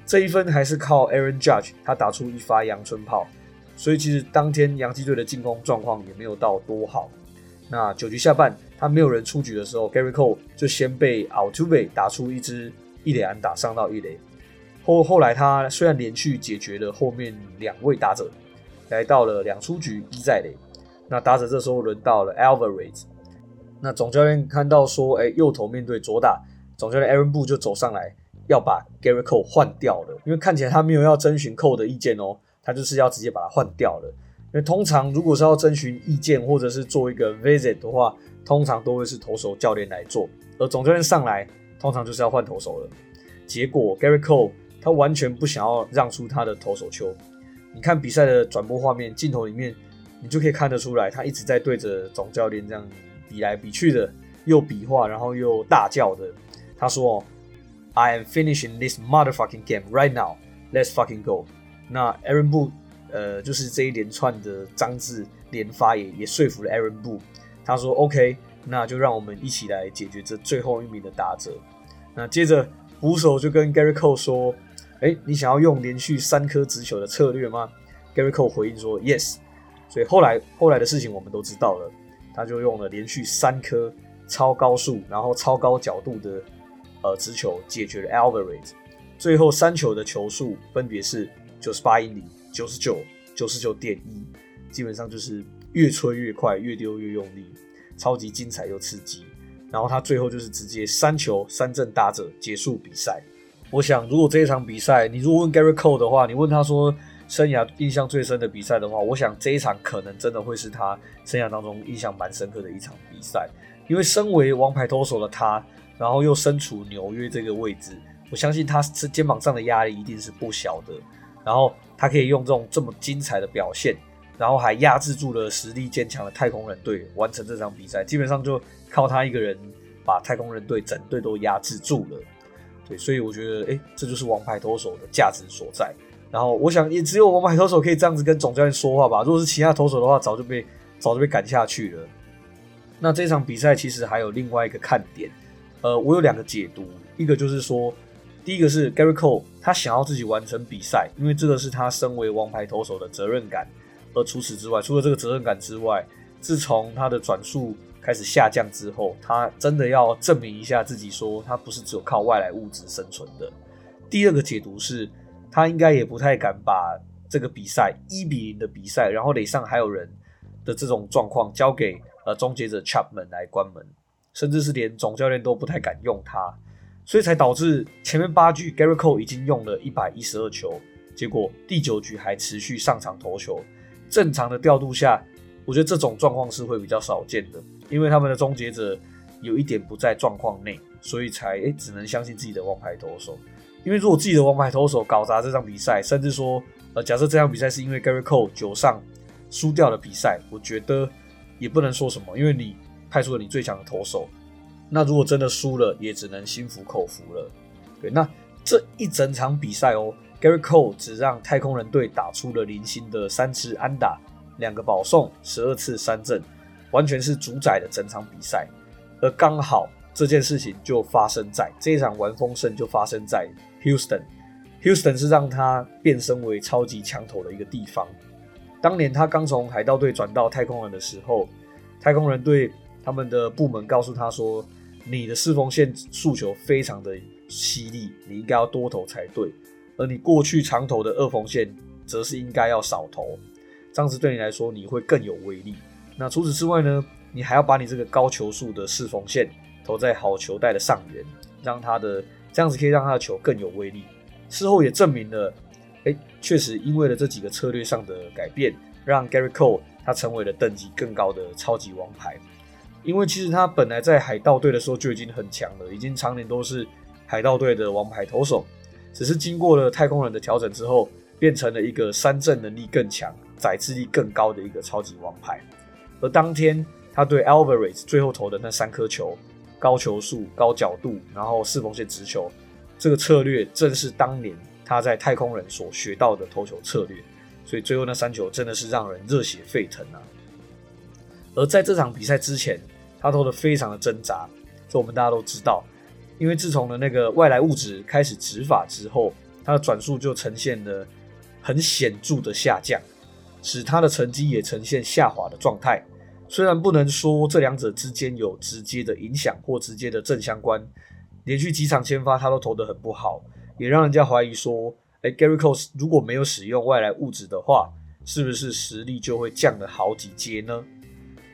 這一分還是靠 Aaron Judge 他打出一發陽春炮，所以其實當天洋基隊的進攻狀況也沒有到多好。那九局下半。他沒有人出局的時候，Gerrit Cole 就先被 Altuve 打出一支一壘安打，上到一壘。後後來他雖然連續解決了後面兩位打者，來到了兩出局一在壘。那打者這時候輪到了 Alvarez。那總教練看到說：“哎、欸，右投面對左打。”總教練 Aaron Boone 就走上來要把 Gerrit Cole 換掉了，因為看起來他沒有要徵詢 Cole 的意見哦、喔，他就是要直接把他換掉了。因為通常如果是要徵詢意見或者是做一個 visit 的話，通常都會是投手教練來做，而總教練上來通常就是要換投手了。結果 Gerrit Cole 他完全不想要讓出他的投手球，你看比賽的轉播畫面，鏡頭裡面你就可以看得出來，他一直在對着總教練這樣比來比去的，又比劃，然後又大叫的。他說：“I am finishing this motherfucking game right now. Let's fucking go。”那 Aaron Boone 呃，就是這一連串的髒字連發也也說服了 Aaron Boone 他說：“OK，那就讓我們一起來解決這最後一名的打者。”那接着捕手就跟 Gerrit Cole 說：“哎、欸，你想要用連續三顆直球的策略嗎？”Gerrit Cole 回應說：“Yes。”所以後來後來的事情我們都知道了。他就用了連續三顆超高速、然後超高角度的呃直球解決了 Alvarez。最後三球的球速分別是九十八英里、九十九、九十九點一，基本上就是。越吹越快，越丟越用力，超級精彩又刺激。然後他最後就是直接三球三振打者結束比賽。我想，如果這一場比賽你如果問 Gerrit Cole 的話，你問他說生涯印象最深的比賽的話，我想這一場可能真的會是他生涯當中印象蠻深刻的一場比賽。因為身為王牌投手的他，然後又身處紐約這個位置，我相信他是肩膀上的壓力一定是不小的。然後他可以用這種這麼精彩的表現。然後還壓制住了實力堅強的太空人隊，完成這場比賽，基本上就靠他一個人把太空人隊整隊都壓制住了。對，所以我覺得，哎，這就是王牌投手的價值所在。然後我想，也只有王牌投手可以這樣子跟總教練說話吧。如果是其他投手的話，早就被早就被趕下去了。那這場比賽其實還有另外一個看點，呃，我有兩個解讀，一個就是說，第一個是 Gerrit Cole，他想要自己完成比賽，因為這個是他身為王牌投手的責任感。而除此之外，除了這個責任感之外，自從他的轉速開始下降之後，他真的要證明一下自己說，說他不是只有靠外來物質生存的。第二個解讀是，他應該也不太敢把這個比賽一比零的比賽，然後壘上還有人的這種狀況交給呃終結者 Chapman 來關門，甚至是連總教練都不太敢用他，所以才導致前面八局 Gerrit Cole 已經用了一百一十二球，結果第九局還持續上場投球。正常的調度下，我覺得這種狀況是會比較少見的，因為他們的終結者有一點不在狀況內，所以才誒、欸、只能相信自己的王牌投手。因為如果自己的王牌投手搞砸這場比賽，甚至說呃假設這場比賽是因為 Gerrit Cole 九上輸掉了比賽，我覺得也不能說什麼，因為你派出了你最強的投手，那如果真的輸了，也只能心服口服了。對，那這一整場比賽哦。Gerrit Cole 只讓太空人隊打出了零星的三次安打，兩個保送，十二次三振，完全是主宰了整場比賽。而剛好這件事情就發生在這一場完封勝，就發生在 Houston。Houston 是讓他變身為超級強投的一個地方。當年他剛從海盜隊轉到太空人的時候，太空人隊他們的部門告訴他說：“你的四縫線速球非常的犀利，你應該要多投才對。”而你過去長投的二縫線，則是應該要少投，這樣子對你來說，你會更有威力。那除此之外呢，你還要把你這個高球速的四縫線投在好球帶的上緣，讓他的這樣子可以讓他的球更有威力。事後也證明了，誒、欸，確實因為了這幾個策略上的改變，讓 Gerrit Cole 他成為了等級更高的超級王牌。因為其實他本來在海盜隊的時候就已經很強了，已經常年都是海盜隊的王牌投手。只是經過了太空人的調整之後，變成了一個三振能力更強、宰制力更高的一個超級王牌。而當天他對 Alvarez 最後投的那三顆球，高球速、高角度，然後四縫線直球，這個策略正是當年他在太空人所學到的投球策略。所以最後那三球真的是讓人熱血沸騰啊！而在這場比賽之前，他投的非常的掙扎，這我們大家都知道。因為自從呢那個外來物質開始執法之後，他的轉速就呈現了很顯著的下降，使他的成績也呈現下滑的狀態。雖然不能說這兩者之間有直接的影響或直接的正相關，連續幾場先發他都投得很不好，也讓人家懷疑說，誒、欸、Gerrit Cole 如果沒有使用外來物質的話，是不是實力就會降了好幾階呢？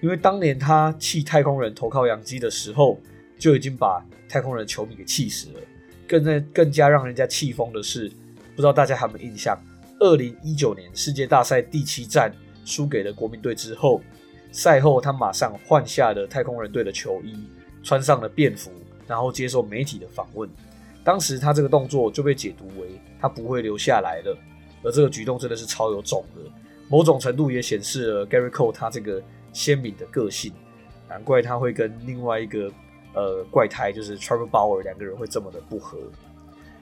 因為當年他棄太空人投靠洋基的時候。就已經把太空人球迷給氣死了。更在更加讓人家氣瘋的是，不知道大家還有沒有印象？二零一九年世界大賽第七戰輸給了國民隊之後，賽後他馬上換下了太空人隊的球衣，穿上了便服，然後接受媒體的訪問。當時他這個動作就被解讀為他不會留下來了。而這個舉動真的是超有種的，某種程度也顯示了 Gerrit Cole 他這個鮮明的個性。難怪他會跟另外一個。呃，怪胎就是 Trevor Bauer 兩個人會這麼的不合。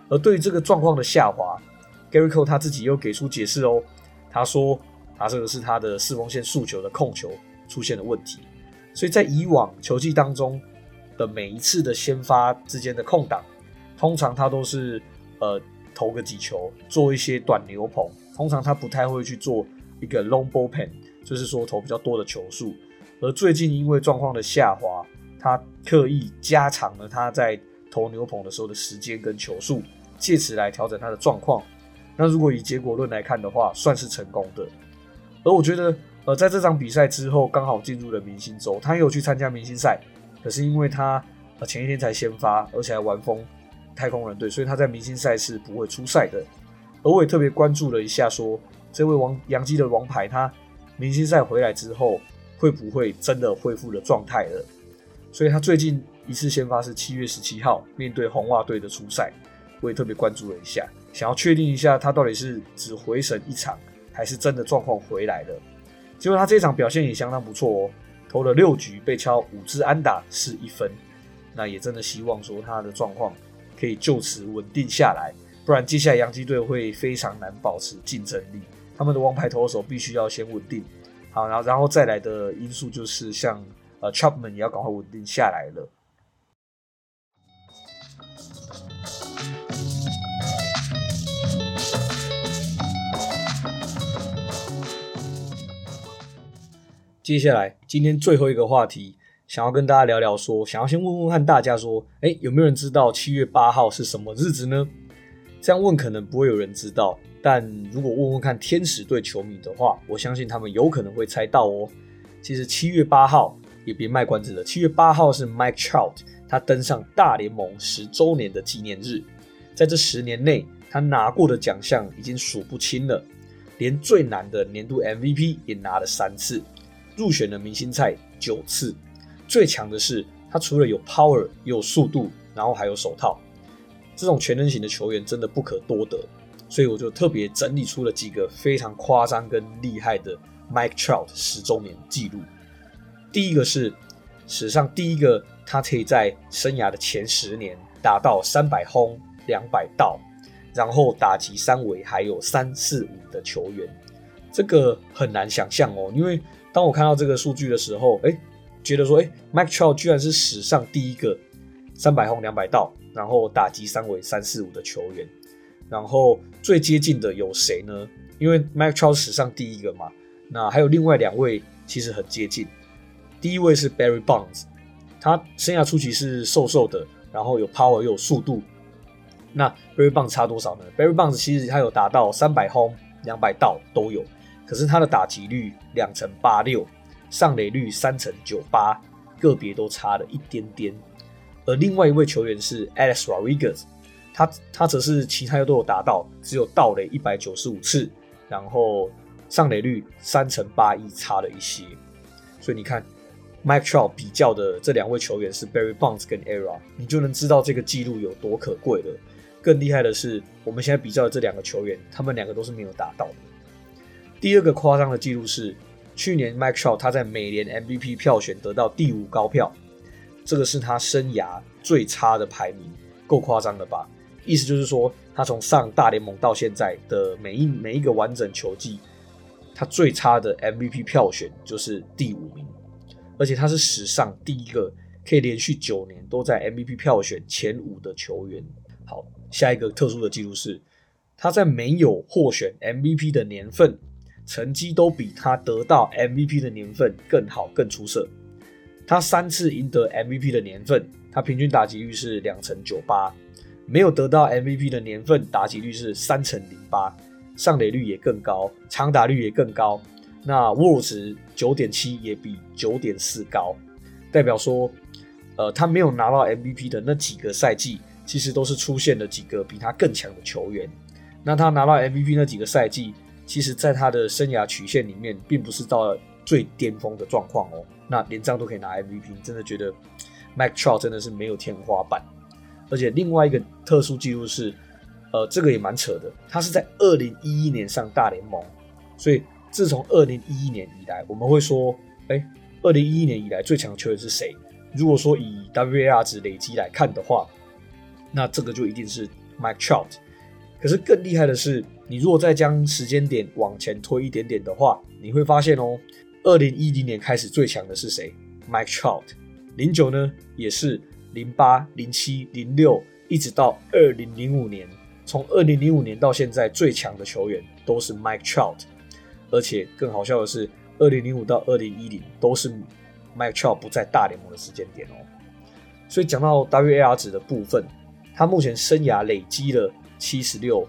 而對於這個狀況的下滑，Gerrit Cole 他自己又給出解釋哦。他說，啊，這個是他的四縫線速球的控球出現了問題。所以在以往球季當中的每一次的先發之間的空檔，通常他都是呃投個幾球，做一些短牛棚，通常他不太會去做一個 long bullpen，就是說投比較多的球數。而最近因為狀況的下滑。他刻意加長了他在投牛棚的時候的時間跟球速，借此來調整他的狀況。那如果以結果論來看的話，算是成功的。而我覺得，呃，在這場比賽之後，剛好進入了明星周，他也有去參加明星賽。可是因為他、呃、前一天才先發，而且還完封太空人隊，所以他在明星賽是不會出賽的。而我也特別關注了一下說，說這位王洋基的王牌，他明星賽回來之後，會不會真的恢復了狀態了？所以他最近一次先發是七月十七號，面對紅襪隊的出賽，我也特別關注了一下，想要確定一下他到底是只回神一場，還是真的狀況回來了？結果他這場表現也相當不錯哦，投了六局，被敲五支安打，失一分。那也真的希望說他的狀況可以就此穩定下來，不然接下來洋基隊會非常難保持競爭力。他們的王牌投手必須要先穩定，好，然後然後再來的因素就是像。呃 Chapman 也要趕快穩定下來了。接下來，今天最後一個話題，想要跟大家聊聊說，說想要先問問看大家說，哎、欸，有沒有人知道七月八號是什麼日子呢？這樣問可能不會有人知道，但如果問問看天使隊球迷的話，我相信他們有可能會猜到哦。其實七月八號。也別賣關子了。七月八號是 Mike Trout，他登上大聯盟十周年的紀念日。在這十年內，他拿過的獎項已經數不清了，連最難的年度 MVP 也拿了三次，入選了明星賽九次。最強的是，他除了有 power，也有速度，然後還有手套。這種全能型的球員真的不可多得，所以我就特別整理出了幾個非常誇張跟厲害的 Mike Trout 十周年紀錄。第一個是史上第一個，他可以在生涯的前十年達到三百轟兩百盜，然後打擊三圍還有三四五的球員，這個很難想象哦。因為當我看到這個數據的時候，哎、欸，覺得說，哎，Mike Trout 居然是史上第一個三百轟兩百盜，然後打擊三圍三四五的球員。然後最接近的有誰呢？因為 Mike Trout 是史上第一個嘛，那還有另外兩位其實很接近。第一位是 Barry Bonds，他生涯初期是瘦瘦的，然後有 power 又有速度。那 Barry Bonds 差多少呢？Barry Bonds 其實他有達到三百轟、兩百盜都有，可是他的打擊率兩成八六，上壘率三成九八，個別都差了一點點。而另外一位球員是 Alex Rodriguez，他他則是其他都,都有達到，只有盜壘一百九十五次，然後上壘率三成八一差了一些。所以你看。Mike Trout 比較的這兩位球員是 Barry Bonds 跟 ERA，你就能知道這個記錄有多可貴了。更厲害的是，我們現在比較的這兩個球員，他們兩個都是沒有達到的。第二個誇張的記錄是，去年 Mike Trout 他在美聯 MVP 票選得到第五高票，這個是他生涯最差的排名，夠誇張了吧？意思就是說，他從上大聯盟到現在的每一每一個完整球季，他最差的 MVP 票選就是第五名。而且他是史上第一個可以連續九年都在 MVP 票選前五的球員。好，下一個特殊的記錄是，他在沒有獲選 MVP 的年份，成績都比他得到 MVP 的年份更好、更出色。他三次贏得 MVP 的年份，他平均打擊率是兩成九八，沒有得到 MVP 的年份，打擊率是三成零八，上壘率也更高，長打率也更高。那沃魯茲。九點七也比九點四高，代表說，呃，他沒有拿到 MVP 的那幾個賽季，其實都是出現了幾個比他更強的球員。那他拿到 MVP 那幾個賽季，其實，在他的生涯曲線裡面，並不是到了最巔峰的狀況哦。那連這樣都可以拿 MVP，真的覺得 Mike Trout 真的是沒有天花板。而且另外一個特殊記錄是，呃，這個也蠻扯的，他是在二零一一年上大聯盟，所以。自從二零一一年以來，我們會說，哎，二零一一年以來最強的球員是誰？如果說以 WAR 值累積來看的話，那這個就一定是 Mike Trout。可是更厲害的是，你如果再將時間點往前推一點點的話，你會發現哦，二零一零年開始最強的是誰？Mike Trout。零九呢，也是零八、零七、零六，一直到二零零五年。從二零零五年到現在，最強的球員都是 Mike Trout。而且更好笑的是，二零零五到二零一零都是 Mike Trout 不在大聯盟的時間點哦、喔。所以講到 WAR 值的部分，他目前生涯累積了七十六，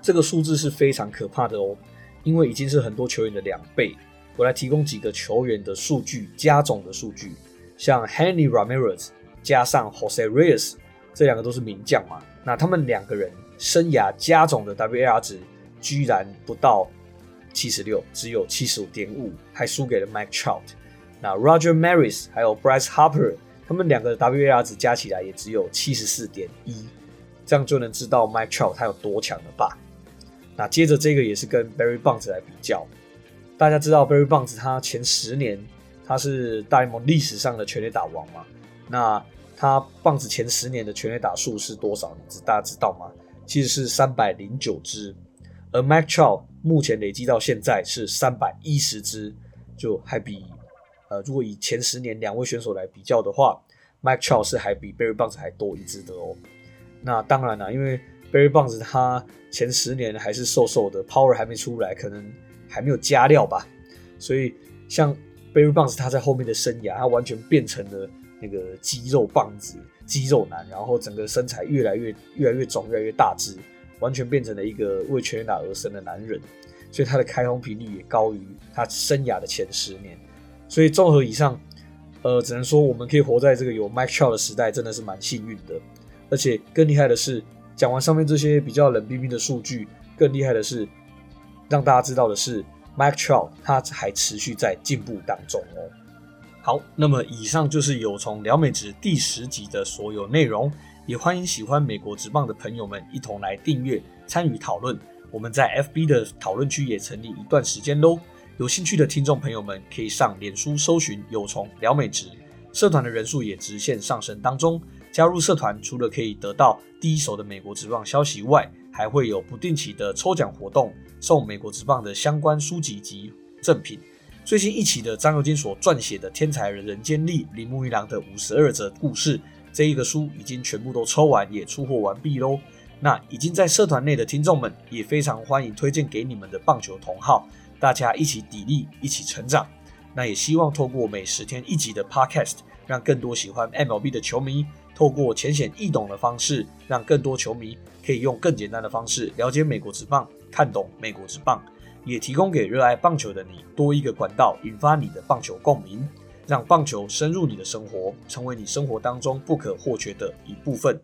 這個數字是非常可怕的哦、喔，因為已經是很多球員的兩倍。我來提供幾個球員的數據加總的數據，像 Hanley Ramirez 加上 Jose Reyes 這兩個都是名將嘛，那他們兩個人生涯加總的 WAR 值居然不到。七十六，只有七十五點五，還輸給了 Mike Trout。那 Roger Maris 還有 Bryce Harper，他們兩個的 WAR 值加起來也只有七十四點一，這樣就能知道 Mike Trout 他有多強了吧？那接着這個也是跟 Barry Bonds 來比較。大家知道 Barry Bonds 他前十年他是大聯盟歷史上的全壘打王嗎？那他棒子前十年的全壘打數是多少？你知道大家知道嗎？其實是三百零九支。而 Mike Trout 目前累計到現在是三百一十隻，就還比呃，如果以前十年兩位選手來比較的話，Mike Trout 是還比 Barry Bonds 還多一隻的哦。那當然了、啊，因為 Barry Bonds 他前十年還是瘦瘦的，Power 還沒出來，可能還沒有加料吧。所以像 Barry Bonds 他在後面的生涯，他完全變成了那個肌肉棒子、肌肉男，然後整個身材越來越越來越腫，越來越大隻。完全變成了一個為全壘打而生的男人，所以他的開轟頻率也高於他生涯的前十年。所以綜合以上，呃，只能說我們可以活在這個有 Mike Trout 的時代，真的是蠻幸運的。而且更厲害的是，講完上面這些比較冷冰冰的數據，更厲害的是讓大家知道的是，Mike Trout 他還持續在進步當中哦。好，那麼以上就是有從聊美職第十集的所有內容。也歡迎喜歡美國職棒的朋友們一同來訂閱、參與討論。我們在 FB 的討論區也成立一段時間嘍。有興趣的聽眾朋友們可以上臉書搜尋“有蟲聊美職”社團的人數也直線上升當中，加入社團除了可以得到第一手的美國職棒消息外，還會有不定期的抽獎活動，送美國職棒的相關書籍及贈品。最新一期的張又金所撰寫的《天才人人間力》林、《鈴木一郎的五十二則故事。這一個書已經全部都抽完，也出貨完畢嘍。那已經在社團內的聽眾們，也非常歡迎推薦給你們的棒球同好，大家一起砥礪，一起成長。那也希望透過每十天一集的 Podcast，讓更多喜歡 MLB 的球迷，透過淺顯易懂的方式，讓更多球迷可以用更簡單的方式了解美國職棒，看懂美國職棒，也提供給熱愛棒球的你多一個管道，引發你的棒球共鳴。讓棒球深入你的生活，成為你生活當中不可或缺的一部分。